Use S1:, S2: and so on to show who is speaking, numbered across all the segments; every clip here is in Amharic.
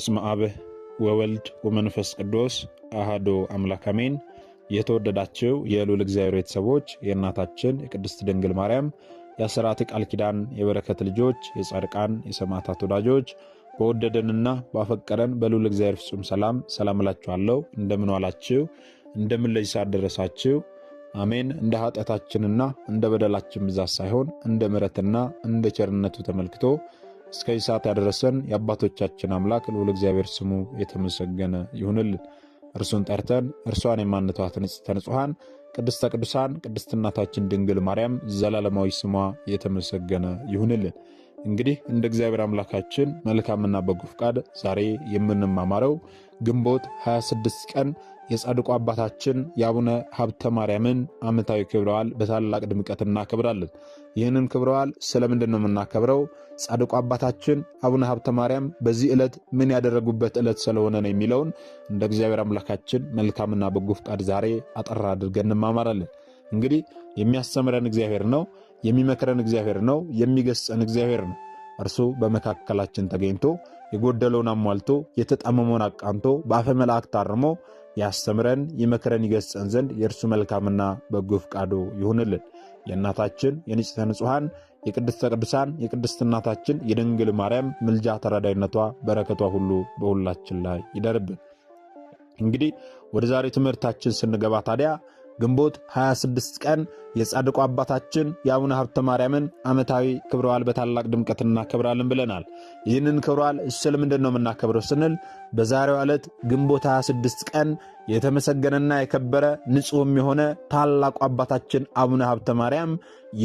S1: በስመ አብ ወወልድ ወመንፈስ ቅዱስ አሃዶ አምላክ አሜን። የተወደዳችሁ የልዑል እግዚአብሔር ቤተሰቦች የእናታችን የቅድስት ድንግል ማርያም የአስራት ቃል ኪዳን የበረከት ልጆች የጻድቃን የሰማዕታት ወዳጆች በወደደንና ባፈቀረን በልዑል እግዚአብሔር ፍጹም ሰላም ሰላም እላችኋለሁ። እንደምን ዋላችሁ? እንደምን ለዚህ ሰዓት ደረሳችሁ? አሜን። እንደ ኃጢአታችንና እንደ በደላችን ብዛት ሳይሆን እንደ ምሕረትና እንደ ቸርነቱ ተመልክቶ እስከዚህ ሰዓት ያደረሰን የአባቶቻችን አምላክ ልዑል እግዚአብሔር ስሙ የተመሰገነ ይሁንልን። እርሱን ጠርተን እርሷን የማንተዋት ንጽሕተ ንጹሐን ቅድስተ ቅዱሳን ቅድስት እናታችን ድንግል ማርያም ዘላለማዊ ስሟ የተመሰገነ ይሁንልን። እንግዲህ እንደ እግዚአብሔር አምላካችን መልካምና በጎ ፍቃድ ዛሬ የምንማማረው ግንቦት 26 ቀን የጻድቁ አባታችን የአቡነ ሀብተ ማርያምን ዓመታዊ ክብረ በዓል በታላቅ ድምቀት እናከብራለን። ይህንን ክብረ በዓል ስለምንድን ነው የምናከብረው? ጻድቁ አባታችን አቡነ ሀብተ ማርያም በዚህ ዕለት ምን ያደረጉበት ዕለት ስለሆነ ነው የሚለውን እንደ እግዚአብሔር አምላካችን መልካምና በጎ ፍቃድ ዛሬ አጠር አድርገን እንማማራለን። እንግዲህ የሚያስተምረን እግዚአብሔር ነው፣ የሚመክረን እግዚአብሔር ነው፣ የሚገስጸን እግዚአብሔር ነው። እርሱ በመካከላችን ተገኝቶ የጎደለውን አሟልቶ የተጣመመውን አቃንቶ በአፈ መላእክት አርሞ ያስተምረን፣ ይመክረን፣ ይገስጸን ዘንድ የእርሱ መልካምና በጎ ፍቃዱ ይሁንልን። የእናታችን የንጽሕተ ንጹሐን የቅድስተ ቅዱሳን የቅድስት እናታችን የድንግል ማርያም ምልጃ ተራዳይነቷ በረከቷ ሁሉ በሁላችን ላይ ይደርብን። እንግዲህ ወደ ዛሬ ትምህርታችን ስንገባ ታዲያ ግንቦት 26 ቀን የጻድቁ አባታችን የአቡነ ሀብተ ማርያምን ዓመታዊ ክብረ በዓል በታላቅ ድምቀት እናከብራለን ብለናል። ይህንን ክብረ በዓል ስለ ነው የምናከብረው ስንል በዛሬው ዕለት ግንቦት 26 ቀን የተመሰገነና የከበረ ንጹሕም የሆነ ታላቁ አባታችን አቡነ ሀብተ ማርያም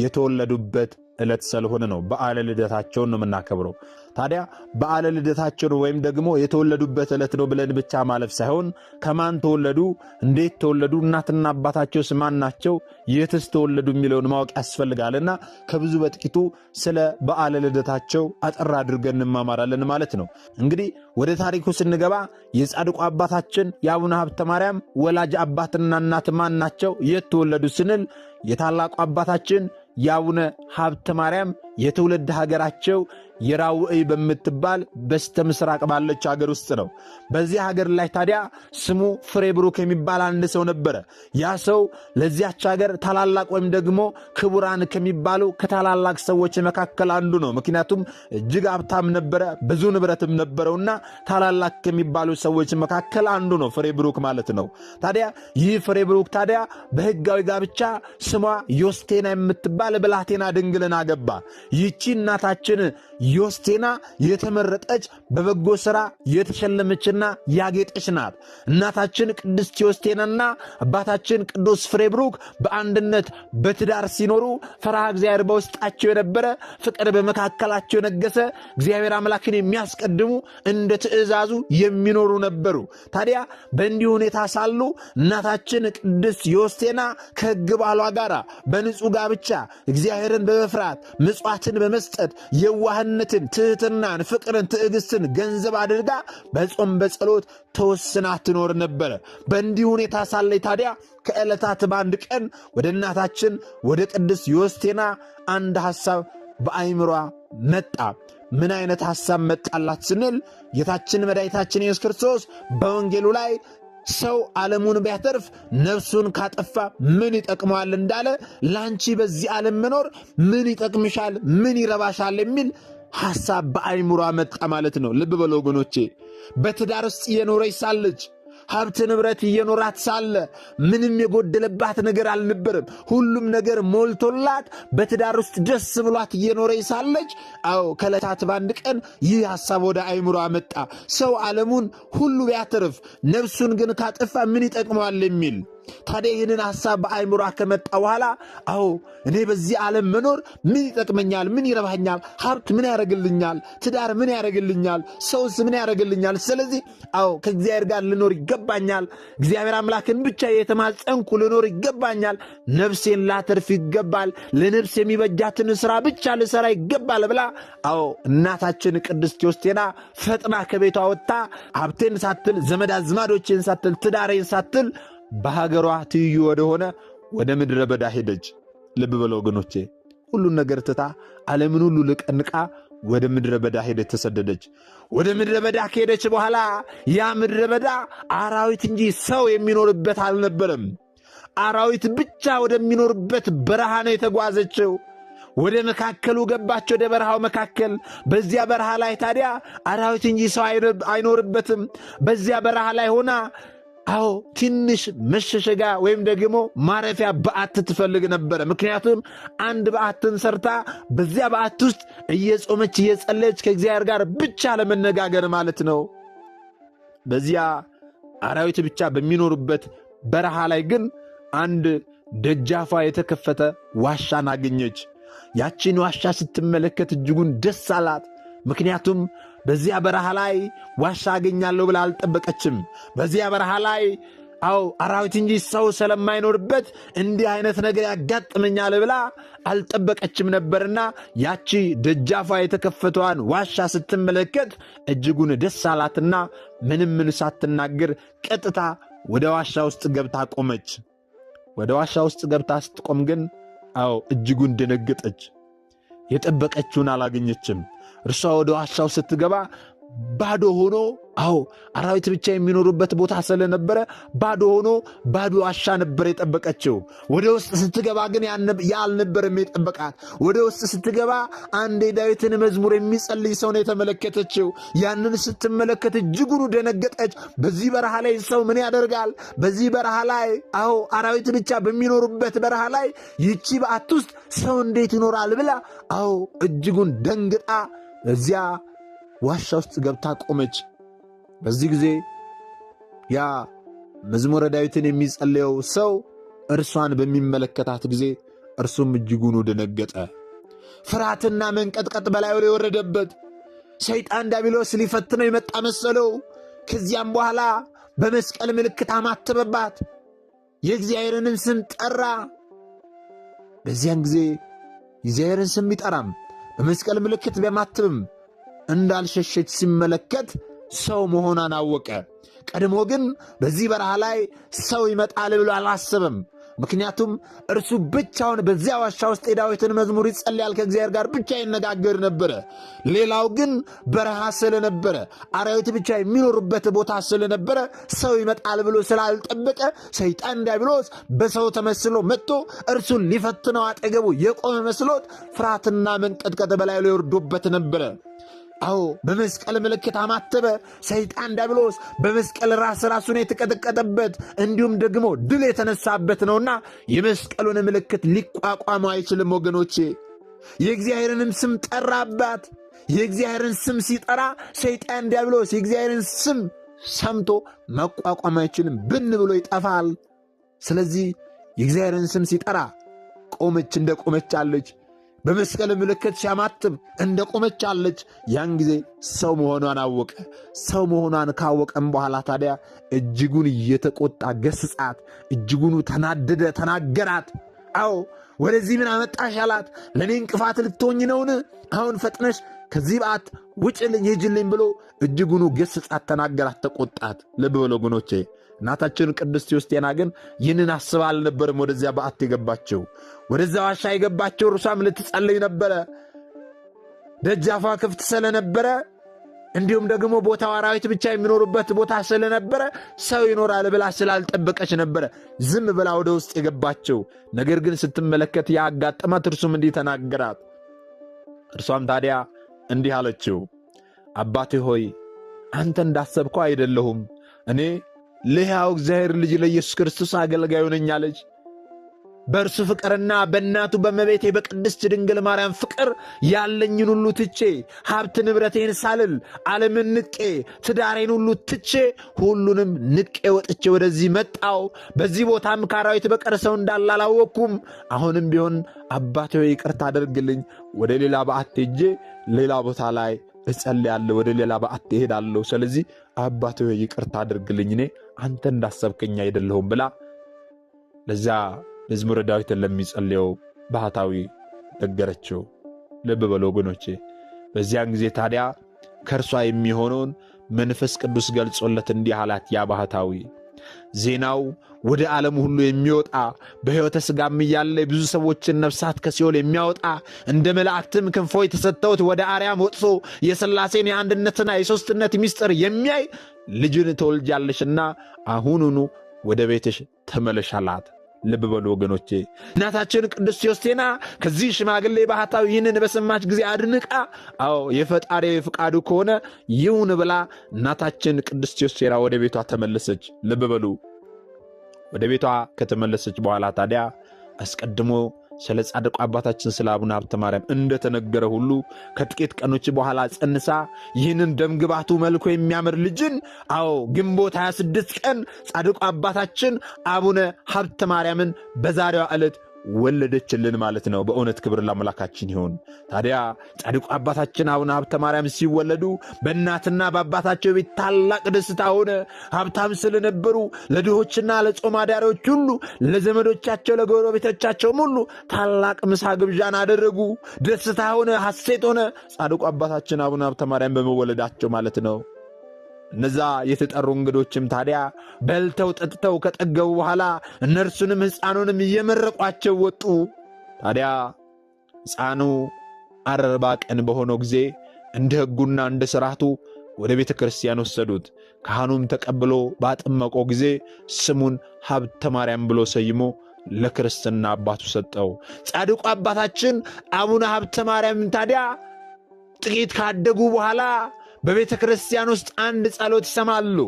S1: የተወለዱበት ዕለት ስለሆነ ነው በዓለ ልደታቸውን ነው የምናከብረው። ታዲያ በዓለ ልደታቸው ወይም ደግሞ የተወለዱበት ዕለት ነው ብለን ብቻ ማለፍ ሳይሆን ከማን ተወለዱ፣ እንዴት ተወለዱ፣ እናትና አባታቸውስ ማን ናቸው፣ የትስ ተወለዱ የሚለውን ማወቅ ያስፈልጋልና ከብዙ በጥቂቱ ስለ በዓለ ልደታቸው አጠር አድርገን እንማማራለን ማለት ነው። እንግዲህ ወደ ታሪኩ ስንገባ የጻድቁ አባታችን የአቡነ ሀብተ ማርያም ወላጅ አባትና እናት ማን ናቸው፣ የት ተወለዱ ስንል የታላቁ አባታችን የአቡነ ሀብተ ማርያም የትውልድ ሀገራቸው የራውዕ በምትባል በስተ ምስራቅ ባለች ሀገር ውስጥ ነው። በዚህ ሀገር ላይ ታዲያ ስሙ ፍሬብሩክ የሚባል አንድ ሰው ነበረ። ያ ሰው ለዚያች ሀገር ታላላቅ ወይም ደግሞ ክቡራን ከሚባሉ ከታላላቅ ሰዎች መካከል አንዱ ነው። ምክንያቱም እጅግ ሀብታም ነበረ፣ ብዙ ንብረትም ነበረውና ታላላቅ ከሚባሉ ሰዎች መካከል አንዱ ነው ፍሬብሩክ ማለት ነው። ታዲያ ይህ ፍሬብሩክ ታዲያ በህጋዊ ጋብቻ ስሟ ዮስቴና የምትባል ብላቴና ድንግልን አገባ። ይቺ እናታችን ዮስቴና የተመረጠች በበጎ ሥራ የተሸለመችና ያጌጠች ናት። እናታችን ቅድስት ዮስቴናና አባታችን ቅዱስ ፍሬብሩክ በአንድነት በትዳር ሲኖሩ ፈርሃ እግዚአብሔር በውስጣቸው የነበረ ፍቅር በመካከላቸው የነገሰ እግዚአብሔር አምላክን የሚያስቀድሙ እንደ ትእዛዙ የሚኖሩ ነበሩ። ታዲያ በእንዲህ ሁኔታ ሳሉ እናታችን ቅድስት ዮስቴና ከሕግ ባሏ ጋር በንጹሕ ጋብቻ እግዚአብሔርን በመፍራት ምጽዋ ብርታትን በመስጠት የዋህነትን፣ ትህትናን፣ ፍቅርን፣ ትዕግስትን ገንዘብ አድርጋ በጾም በጸሎት ተወስና ትኖር ነበረ። በእንዲህ ሁኔታ ሳለይ ታዲያ ከዕለታት በአንድ ቀን ወደ እናታችን ወደ ቅድስት ዮስቴና አንድ ሐሳብ በአይምሯ መጣ። ምን አይነት ሐሳብ መጣላት ስንል ጌታችን መድኃኒታችን ኢየሱስ ክርስቶስ በወንጌሉ ላይ ሰው ዓለሙን ቢያተርፍ ነፍሱን ካጠፋ ምን ይጠቅመዋል እንዳለ ላንቺ በዚህ ዓለም መኖር ምን ይጠቅምሻል? ምን ይረባሻል? የሚል ሐሳብ በአይምሯ መጣ ማለት ነው። ልብ በለ ወገኖቼ፣ በትዳር ውስጥ እየኖረች ሳለች ሀብት ንብረት እየኖራት ሳለ ምንም የጎደለባት ነገር አልነበረም። ሁሉም ነገር ሞልቶላት በትዳር ውስጥ ደስ ብሏት እየኖረች ሳለች፣ አዎ ከዕለታት በአንድ ቀን ይህ ሀሳብ ወደ አይምሮ አመጣ። ሰው ዓለሙን ሁሉ ቢያትርፍ ነፍሱን ግን ካጠፋ ምን ይጠቅመዋል የሚል ታዲያ ይህንን ሀሳብ በአይምሯ ከመጣ በኋላ አዎ እኔ በዚህ ዓለም መኖር ምን ይጠቅመኛል? ምን ይረባኛል? ሀብት ምን ያደረግልኛል ትዳር ምን ያደርግልኛል? ሰውስ ምን ያደርግልኛል? ስለዚህ አዎ ከእግዚአብሔር ጋር ልኖር ይገባኛል። እግዚአብሔር አምላክን ብቻ የተማጸንኩ ልኖር ይገባኛል። ነፍሴን ላተርፍ ይገባል። ለነፍስ የሚበጃትን ስራ ብቻ ልሰራ ይገባል ብላ አዎ እናታችን ቅድስት ቴዎስቴና ፈጥና ከቤቷ ወጥታ ሀብቴን ሳትል ዘመድ አዝማዶቼን ሳትል ትዳሬን ሳትል በሀገሯ ትይዩ ወደሆነ ወደ ምድረ በዳ ሄደች። ልብ በለ ወገኖቼ፣ ሁሉን ነገር ትታ ዓለምን ሁሉ ልቀንቃ ወደ ምድረ በዳ ሄደች፣ ተሰደደች። ወደ ምድረ በዳ ከሄደች በኋላ ያ ምድረ በዳ አራዊት እንጂ ሰው የሚኖርበት አልነበረም። አራዊት ብቻ ወደሚኖርበት በረሃ ነው የተጓዘችው። ወደ መካከሉ ገባች፣ ወደ በረሃው መካከል። በዚያ በረሃ ላይ ታዲያ አራዊት እንጂ ሰው አይኖርበትም። በዚያ በረሃ ላይ ሆና አዎ ትንሽ መሸሸጋ ወይም ደግሞ ማረፊያ በዓት ትፈልግ ነበረ። ምክንያቱም አንድ በዓትን ሰርታ በዚያ በዓት ውስጥ እየጾመች እየጸለች ከእግዚአብሔር ጋር ብቻ ለመነጋገር ማለት ነው። በዚያ አራዊት ብቻ በሚኖሩበት በረሃ ላይ ግን አንድ ደጃፏ የተከፈተ ዋሻን አገኘች። ያችን ዋሻ ስትመለከት እጅጉን ደስ አላት። ምክንያቱም በዚያ በረሃ ላይ ዋሻ አገኛለሁ ብላ አልጠበቀችም። በዚያ በረሃ ላይ አው አራዊት እንጂ ሰው ስለማይኖርበት እንዲህ አይነት ነገር ያጋጥመኛል ብላ አልጠበቀችም ነበርና ያቺ ደጃፏ የተከፈተዋን ዋሻ ስትመለከት እጅጉን ደስ አላትና ምንም ምን ሳትናገር ቀጥታ ወደ ዋሻ ውስጥ ገብታ ቆመች። ወደ ዋሻ ውስጥ ገብታ ስትቆም ግን አው እጅጉን ደነገጠች። የጠበቀችውን አላገኘችም። እርሷ ወደ ዋሻው ስትገባ ባዶ ሆኖ አዎ አራዊት ብቻ የሚኖሩበት ቦታ ስለነበረ ባዶ ሆኖ ባዶ ዋሻ ነበር የጠበቀችው። ወደ ውስጥ ስትገባ ግን ያልነበረም የጠበቃት። ወደ ውስጥ ስትገባ አንድ የዳዊትን መዝሙር የሚጸልይ ሰው ነው የተመለከተችው። ያንን ስትመለከት እጅጉኑ ደነገጠች። በዚህ በረሃ ላይ ሰው ምን ያደርጋል? በዚህ በረሃ ላይ አዎ አራዊት ብቻ በሚኖሩበት በረሃ ላይ ይቺ በዓት ውስጥ ሰው እንዴት ይኖራል? ብላ አዎ እጅጉን ደንግጣ እዚያ ዋሻ ውስጥ ገብታ ቆመች። በዚህ ጊዜ ያ መዝሙረ ዳዊትን የሚጸለየው ሰው እርሷን በሚመለከታት ጊዜ እርሱም እጅጉን ደነገጠ። ፍርሃትና መንቀጥቀጥ በላዩ ላይ የወረደበት ሰይጣን ዲያብሎስ ሊፈትነው የመጣ መሰለው። ከዚያም በኋላ በመስቀል ምልክት አማተበባት፣ የእግዚአብሔርንም ስም ጠራ። በዚያን ጊዜ እግዚአብሔርን ስም ይጠራም በመስቀል ምልክት በማትምም እንዳልሸሸች ሲመለከት ሰው መሆኗን አወቀ። ቀድሞ ግን በዚህ በረሃ ላይ ሰው ይመጣል ብሎ አላሰበም። ምክንያቱም እርሱ ብቻውን በዚያ ዋሻ ውስጥ የዳዊትን መዝሙር ይጸልያል፣ ከእግዚአብሔር ጋር ብቻ ይነጋገር ነበረ። ሌላው ግን በረሃ ስለነበረ አራዊት ብቻ የሚኖሩበት ቦታ ስለነበረ ሰው ይመጣል ብሎ ስላልጠበቀ ሰይጣን ዲያብሎስ በሰው ተመስሎ መጥቶ እርሱን ሊፈትነው አጠገቡ የቆመ መስሎት ፍርሃትና መንቀጥቀጥ በላይ ሊወርዶበት ነበረ። አዎ በመስቀል ምልክት አማተበ። ሰይጣን ዲያብሎስ በመስቀል ራስ ራሱን የተቀጠቀጠበት እንዲሁም ደግሞ ድል የተነሳበት ነውና የመስቀሉን ምልክት ሊቋቋሙ አይችልም ወገኖቼ። የእግዚአብሔርንም ስም ጠራባት። የእግዚአብሔርን ስም ሲጠራ ሰይጣን ዲያብሎስ የእግዚአብሔርን ስም ሰምቶ መቋቋም አይችልም፣ ብን ብሎ ይጠፋል። ስለዚህ የእግዚአብሔርን ስም ሲጠራ ቆመች፣ እንደ ቆመች አለች። በመስቀል ምልክት ሲያማትብ እንደ ቆመች አለች። ያን ጊዜ ሰው መሆኗን አወቀ። ሰው መሆኗን ካወቀም በኋላ ታዲያ እጅጉን እየተቆጣ ገስጻት፣ እጅጉኑ ተናደደ፣ ተናገራት። አዎ ወደዚህ ምን አመጣሽ አላት። ለእኔ እንቅፋት ልትሆኝ ነውን? አሁን ፈጥነሽ ከዚህ በዓት ውጭልኝ፣ ሂጅልኝ ብሎ እጅጉኑ ገስጻት፣ ተናገራት፣ ተቆጣት። ልብ በሉ ወገኖቼ እናታችን ቅድስት ዮስጤና ግን ይህንን አስባ አልነበርም ወደዚያ በዓት የገባቸው። ወደዚያ ዋሻ የገባቸው እርሷም ልትጸልይ ነበረ። ደጃፏ ክፍት ስለነበረ እንዲሁም ደግሞ ቦታው አራዊት ብቻ የሚኖሩበት ቦታ ስለነበረ ሰው ይኖራል ብላ ስላልጠበቀች ነበረ ዝም ብላ ወደ ውስጥ የገባቸው። ነገር ግን ስትመለከት ያጋጠማት እርሱም እንዲህ ተናገራት። እርሷም ታዲያ እንዲህ አለችው፣ አባቴ ሆይ አንተ እንዳሰብከው አይደለሁም እኔ ለሕያው እግዚአብሔር ልጅ ለኢየሱስ ክርስቶስ አገልጋዩ ነኝ አለች። በእርሱ ፍቅርና በእናቱ በመቤቴ በቅድስት ድንግል ማርያም ፍቅር ያለኝን ሁሉ ትቼ ሀብት ንብረቴን ሳልል ዓለምን ንቄ ትዳሬን ሁሉ ትቼ ሁሉንም ንቄ ወጥቼ ወደዚህ መጣው። በዚህ ቦታም ከአራዊት በቀር ሰው እንዳለ አሁንም ቢሆን አባቴ ይቅርታ አደርግልኝ፣ ወደ ሌላ በዓት ሄጄ ሌላ ቦታ ላይ እጸልያለሁ፣ ወደ ሌላ በዓት እሄዳለሁ። ስለዚህ አባት ሆይ ይቅርታ አድርግልኝ፣ እኔ አንተ እንዳሰብከኝ አይደለሁም ብላ ለዚያ መዝሙረ ዳዊትን ለሚጸልየው ባህታዊ ነገረችው። ልብ በለ ወገኖቼ። በዚያን ጊዜ ታዲያ ከእርሷ የሚሆነውን መንፈስ ቅዱስ ገልጾለት እንዲህ አላት ያ ባህታዊ ዜናው ወደ ዓለም ሁሉ የሚወጣ በሕይወተ ሥጋም እያለ የብዙ ሰዎችን ነፍሳት ከሲኦል የሚያወጣ እንደ መላእክትም ክንፎ የተሰጠውት ወደ አርያም ወጥቶ የሥላሴን የአንድነትና የሦስትነት ሚስጥር የሚያይ ልጅን ትወልጃለሽና አሁኑኑ ወደ ቤትሽ ተመለሻላት ልብ በሉ ወገኖቼ። እናታችን ቅድስት ዮስቴና ከዚህ ሽማግሌ ባህታዊ ይህንን በሰማች ጊዜ አድንቃ፣ አዎ የፈጣሪ ፍቃዱ ከሆነ ይሁን ብላ እናታችን ቅድስት ዮስቴና ወደ ቤቷ ተመለሰች። ልብ በሉ። ወደ ቤቷ ከተመለሰች በኋላ ታዲያ አስቀድሞ ስለ ጻድቁ አባታችን ስለ አቡነ ሀብተ ማርያም እንደተነገረ ሁሉ ከጥቂት ቀኖች በኋላ ጸንሳ ይህንን ደምግባቱ መልኮ የሚያምር ልጅን አዎ ግንቦት 26 ቀን ጻድቁ አባታችን አቡነ ሀብተ ማርያምን በዛሬዋ ዕለት ወለደችልን ማለት ነው። በእውነት ክብር ለአምላካችን ይሁን። ታዲያ ጻድቁ አባታችን አቡነ ሀብተ ማርያም ሲወለዱ በእናትና በአባታቸው ቤት ታላቅ ደስታ ሆነ። ሀብታም ስለነበሩ ለድሆችና ለጾም አዳሪዎች ሁሉ፣ ለዘመዶቻቸው፣ ለጎረቤቶቻቸውም ሁሉ ታላቅ ምሳ ግብዣን አደረጉ። ደስታ ሆነ፣ ሐሴት ሆነ። ጻድቁ አባታችን አቡነ ሀብተ ማርያም በመወለዳቸው ማለት ነው። እነዛ የተጠሩ እንግዶችም ታዲያ በልተው ጠጥተው ከጠገቡ በኋላ እነርሱንም ሕፃኑንም እየመረቋቸው ወጡ። ታዲያ ሕፃኑ አርባ ቀን በሆነው ጊዜ እንደ ሕጉና እንደ ሥርዓቱ ወደ ቤተ ክርስቲያን ወሰዱት። ካህኑም ተቀብሎ ባጠመቆ ጊዜ ስሙን ሀብተ ማርያም ብሎ ሰይሞ ለክርስትና አባቱ ሰጠው። ጻድቁ አባታችን አቡነ ሀብተ ማርያም ታዲያ ጥቂት ካደጉ በኋላ በቤተ ክርስቲያን ውስጥ አንድ ጸሎት ይሰማሉ።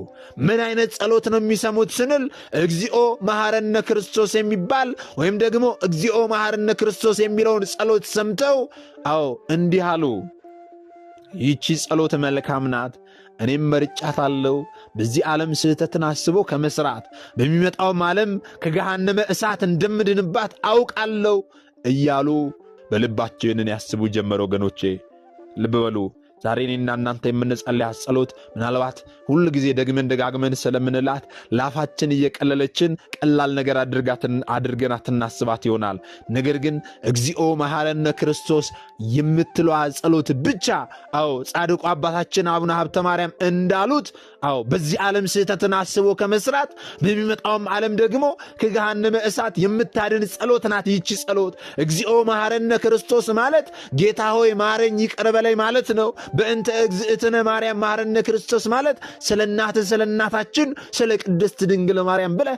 S1: ምን አይነት ጸሎት ነው የሚሰሙት ስንል እግዚኦ መሐረነ ክርስቶስ የሚባል ወይም ደግሞ እግዚኦ መሐረነ ክርስቶስ የሚለውን ጸሎት ሰምተው አዎ እንዲህ አሉ፣ ይቺ ጸሎት መልካም ናት፣ እኔም መርጫታለሁ። በዚህ ዓለም ስህተትን አስቦ ከመስራት በሚመጣውም ዓለም ከገሃነመ እሳት እንደምድንባት አውቃለሁ እያሉ በልባቸው ያስቡ ጀመረ። ወገኖቼ ልብ በሉ። ዛሬ እኔና እናንተ የምንጸልያት ጸሎት ምናልባት ሁል ጊዜ ደግመን ደጋግመን ስለምንላት ላፋችን እየቀለለችን ቀላል ነገር አድርገናት እናስባት ይሆናል። ነገር ግን እግዚኦ መሐረነ ክርስቶስ የምትለዋ ጸሎት ብቻ። አዎ ጻድቁ አባታችን አቡነ ሀብተ ማርያም እንዳሉት አዎ በዚህ ዓለም ስህተትን አስቦ ከመስራት በሚመጣውም ዓለም ደግሞ ከገሃነመ እሳት የምታድን ጸሎት ናት ይቺ ጸሎት። እግዚኦ መሐረነ ክርስቶስ ማለት ጌታ ሆይ ማረኝ ይቅር በለኝ ማለት ነው። በእንተ እግዝእትነ ማርያም መሐረነ ክርስቶስ ማለት ስለ እናትህ ስለ እናታችን ስለ ቅድስት ድንግል ማርያም ብለ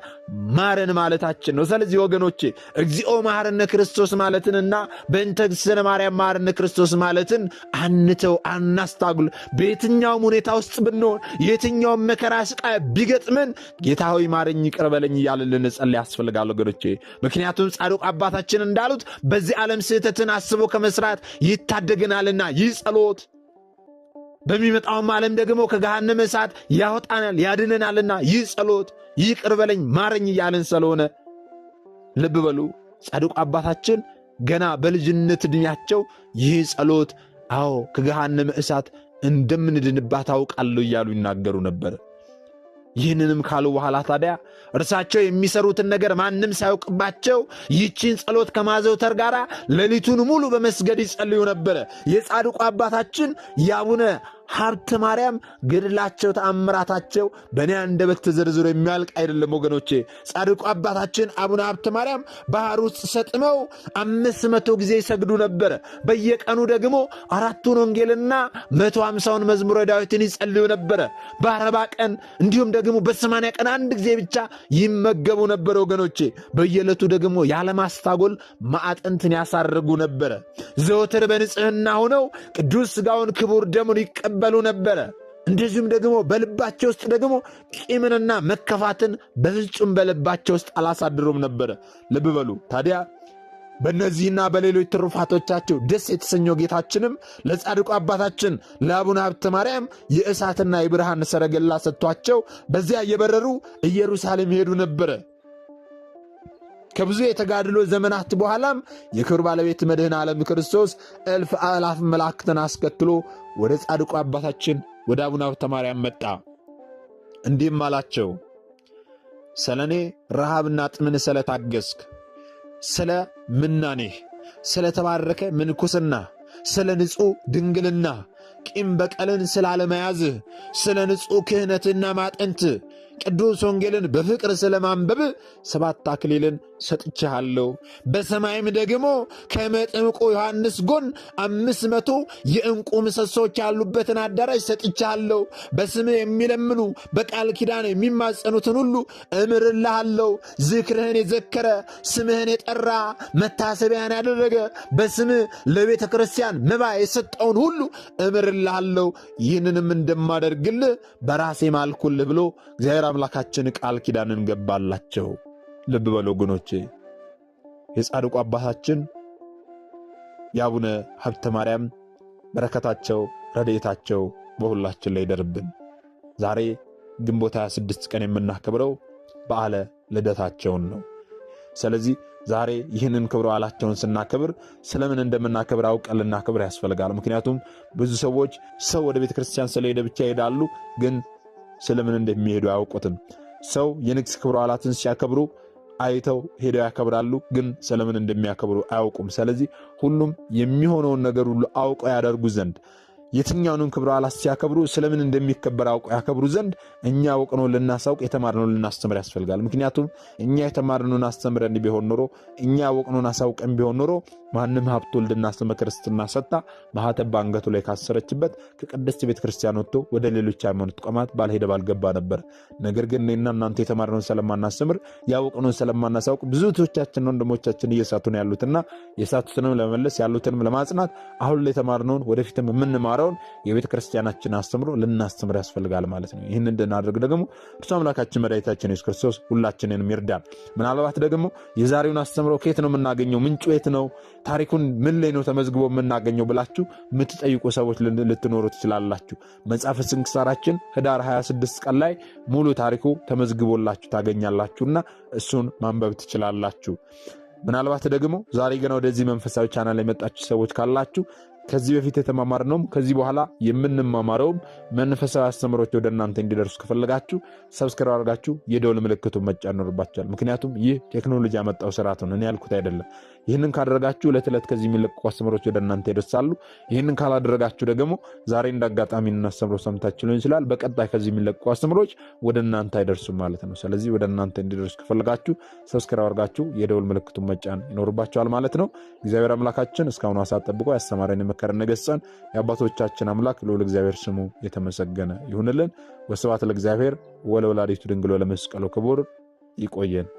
S1: ማረን ማለታችን ነው። ስለዚህ ወገኖቼ እግዚኦ መሐረነ ክርስቶስ ማለትንና በእንተ እግዝእትነ ማርያም መሐርን ክርስቶስ ማለትን አንተው፣ አናስታጉል። በየትኛውም ሁኔታ ውስጥ ብንሆን፣ የትኛውም መከራ ስቃይ ቢገጥመን ጌታ ሆይ ማረኝ፣ ይቅርበለኝ እያለ ልንጸል ልንጸልይ ያስፈልጋል ወገኖቼ። ምክንያቱም ጻድቁ አባታችን እንዳሉት በዚህ ዓለም ስህተትን አስቦ ከመስራት ይታደገናልና ይህ ጸሎት በሚመጣውም ዓለም ደግሞ ከገሃነመ እሳት ያወጣናል ያድነናልና ይህ ጸሎት ይቅር በለኝ ማረኝ እያለን ስለሆነ ልብ በሉ ጻድቁ አባታችን ገና በልጅነት ዕድሜያቸው ይህ ጸሎት አዎ ከገሃነመ እሳት እንደምንድንባት አውቃለሁ እያሉ ይናገሩ ነበር። ይህንንም ካሉ በኋላ ታዲያ እርሳቸው የሚሰሩትን ነገር ማንም ሳያውቅባቸው ይቺን ጸሎት ከማዘውተር ጋር ሌሊቱን ሙሉ በመስገድ ይጸልዩ ነበረ። የጻድቁ አባታችን የአቡነ ሀብተ ማርያም ገድላቸው፣ ተአምራታቸው በእኔ አንደበት ተዘርዝሮ የሚያልቅ አይደለም ወገኖቼ። ጻድቁ አባታችን አቡነ ሀብተ ማርያም ባህር ውስጥ ሰጥመው አምስት መቶ ጊዜ ይሰግዱ ነበረ። በየቀኑ ደግሞ አራቱን ወንጌልና መቶ ሀምሳውን መዝሙረ ዳዊትን ይጸልዩ ነበረ። በአረባ ቀን እንዲሁም ደግሞ በሰማንያ ቀን አንድ ጊዜ ብቻ ይመገቡ ነበረ ወገኖቼ። በየዕለቱ ደግሞ ያለማስታጎል ማዕጠንትን ያሳርጉ ነበረ። ዘወትር በንጽህና ሆነው ቅዱስ ሥጋውን ክቡር ደሙን ይቀበ ይቀበሉ ነበረ። እንደዚሁም ደግሞ በልባቸው ውስጥ ደግሞ ቂምንና መከፋትን በፍጹም በልባቸው ውስጥ አላሳድሩም ነበረ። ልብ በሉ ታዲያ በእነዚህና በሌሎች ትሩፋቶቻቸው ደስ የተሰኘው ጌታችንም ለጻድቁ አባታችን ለአቡነ ሀብተ ማርያም የእሳትና የብርሃን ሰረገላ ሰጥቷቸው በዚያ እየበረሩ ኢየሩሳሌም ሄዱ ነበረ። ከብዙ የተጋድሎ ዘመናት በኋላም የክብር ባለቤት መድህን ዓለም ክርስቶስ እልፍ አላፍ መላእክትን አስከትሎ ወደ ጻድቁ አባታችን ወደ አቡነ ሀብተ ማርያም መጣ። እንዲህም አላቸው፣ ስለ እኔ ረሃብና ጥምን ስለ ታገስክ፣ ስለ ምናኔህ፣ ስለ ተባረከ ምንኩስና፣ ስለ ንጹሕ ድንግልና፣ ቂም በቀልን ስላለመያዝህ፣ ስለ ንጹሕ ክህነትና ማጠንት፣ ቅዱስ ወንጌልን በፍቅር ስለ ማንበብ፣ ሰባት አክሊልን ሰጥቻለሁ። በሰማይም ደግሞ ከመጥምቁ ዮሐንስ ጎን አምስት መቶ የእንቁ ምሰሶች ያሉበትን አዳራሽ ሰጥቻለሁ። በስምህ የሚለምኑ በቃል ኪዳን የሚማጸኑትን ሁሉ እምርልሃለሁ። ዝክርህን የዘከረ ስምህን የጠራ መታሰቢያን ያደረገ በስምህ ለቤተ ክርስቲያን መባ የሰጠውን ሁሉ እምርልሃለሁ። ይህንንም እንደማደርግልህ በራሴ ማልኩልህ ብሎ እግዚአብሔር አምላካችን ቃል ኪዳንን ገባላቸው። ልብ በሉ ወገኖቼ፣ የጻድቁ አባታችን የአቡነ ሀብተ ማርያም በረከታቸው ረድኤታቸው በሁላችን ላይ ይደርብን። ዛሬ ግንቦት 26 ቀን የምናከብረው በዓለ ልደታቸውን ነው። ስለዚህ ዛሬ ይህንን ክብረ በዓላቸውን ስናከብር ስለምን እንደምናከብር አውቀን ልናከብር ያስፈልጋል። ምክንያቱም ብዙ ሰዎች ሰው ወደ ቤተ ክርስቲያን ስለሄደ ብቻ ይሄዳሉ፣ ግን ስለምን እንደሚሄዱ አያውቁትም። ሰው የንግስ ክብረ በዓላትን ሲያከብሩ አይተው ሄደው ያከብራሉ፣ ግን ስለምን እንደሚያከብሩ አያውቁም። ስለዚህ ሁሉም የሚሆነውን ነገር ሁሉ አውቀው ያደርጉ ዘንድ የትኛውንም ክብረ በዓላት ሲያከብሩ ስለምን እንደሚከበር አውቀው ያከብሩ ዘንድ እኛ አውቅነው ልናሳውቅ የተማርነውን ልናስተምር ያስፈልጋል። ምክንያቱም እኛ የተማርነውን አስተምረን ቢሆን ኖሮ እኛ አውቅነውን አሳውቀን ቢሆን ኖሮ ማንም ሀብቶ ልድናስመ ክርስትና ሰጥታ ማህተብ አንገቱ ላይ ካሰረችበት ከቅድስት ቤተ ክርስቲያን ወጥቶ ወደ ሌሎች ሃይማኖት ተቋማት ባልሄደ ባልገባ ነበር። ነገር ግን እኔና እናንተ የተማርነውን ስለማናስተምር ያውቅነውን ስለማናሳውቅ ብዙ እህቶቻችን ወንድሞቻችን እየሳቱን ያሉትና የሳቱትንም ለመመለስ ያሉትንም ለማጽናት አሁን ላይ የተማርነውን ወደፊትም የምንማረ የምንማረውን የቤተ ክርስቲያናችን አስተምሮ ልናስተምር ያስፈልጋል ማለት ነው። ይህን እንድናደርግ ደግሞ እርሱ አምላካችን መድኃኒታችን ኢየሱስ ክርስቶስ ሁላችንን ይርዳል። ምናልባት ደግሞ የዛሬውን አስተምሮ ከየት ነው የምናገኘው? ምንጩ የት ነው? ታሪኩን ምን ላይ ነው ተመዝግቦ የምናገኘው ብላችሁ የምትጠይቁ ሰዎች ልትኖሩ ትችላላችሁ። መጽሐፈ ስንክሳራችን ህዳር 26 ቀን ላይ ሙሉ ታሪኩ ተመዝግቦላችሁ ታገኛላችሁና እሱን ማንበብ ትችላላችሁ። ምናልባት ደግሞ ዛሬ ገና ወደዚህ መንፈሳዊ ቻናል የመጣችሁ ሰዎች ካላችሁ ከዚህ በፊት የተማማርነውም ከዚህ በኋላ የምንማማረውም መንፈሳዊ አስተምሮች ወደ እናንተ እንዲደርሱ ከፈለጋችሁ ሰብስክራ አድርጋችሁ የደውል ምልክቱን መጫን ይኖርባችኋል። ምክንያቱም ይህ ቴክኖሎጂ ያመጣው ስርዓት ነው፣ እኔ ያልኩት አይደለም። ይህንን ካደረጋችሁ ዕለት ዕለት ከዚህ የሚለቀቁ አስተምሮች ወደ እናንተ ይደርሳሉ። ይህንን ካላደረጋችሁ ደግሞ ዛሬ እንደ አጋጣሚ እናስተምሮ ሰምታችሁ ሊሆን ይችላል፣ በቀጣይ ከዚህ የሚለቀቁ አስተምሮች ወደ እናንተ አይደርሱም ማለት ነው። ስለዚህ ወደ እናንተ እንዲደርሱ ከፈለጋችሁ ሰብስክራ አድርጋችሁ የደውል ምልክቱን መጫን ይኖርባችኋል ማለት ነው። እግዚአብሔር አምላካችን እስካሁኑ ሰዓት ጠብቆ ያስተማረን እየመከረን ነገሰን የአባቶቻችን አምላክ ልዑል እግዚአብሔር ስሙ የተመሰገነ ይሁንልን። ወስብሐት ለእግዚአብሔር ወለወላዲቱ ድንግል ወለመስቀሉ ክቡር። ይቆየን።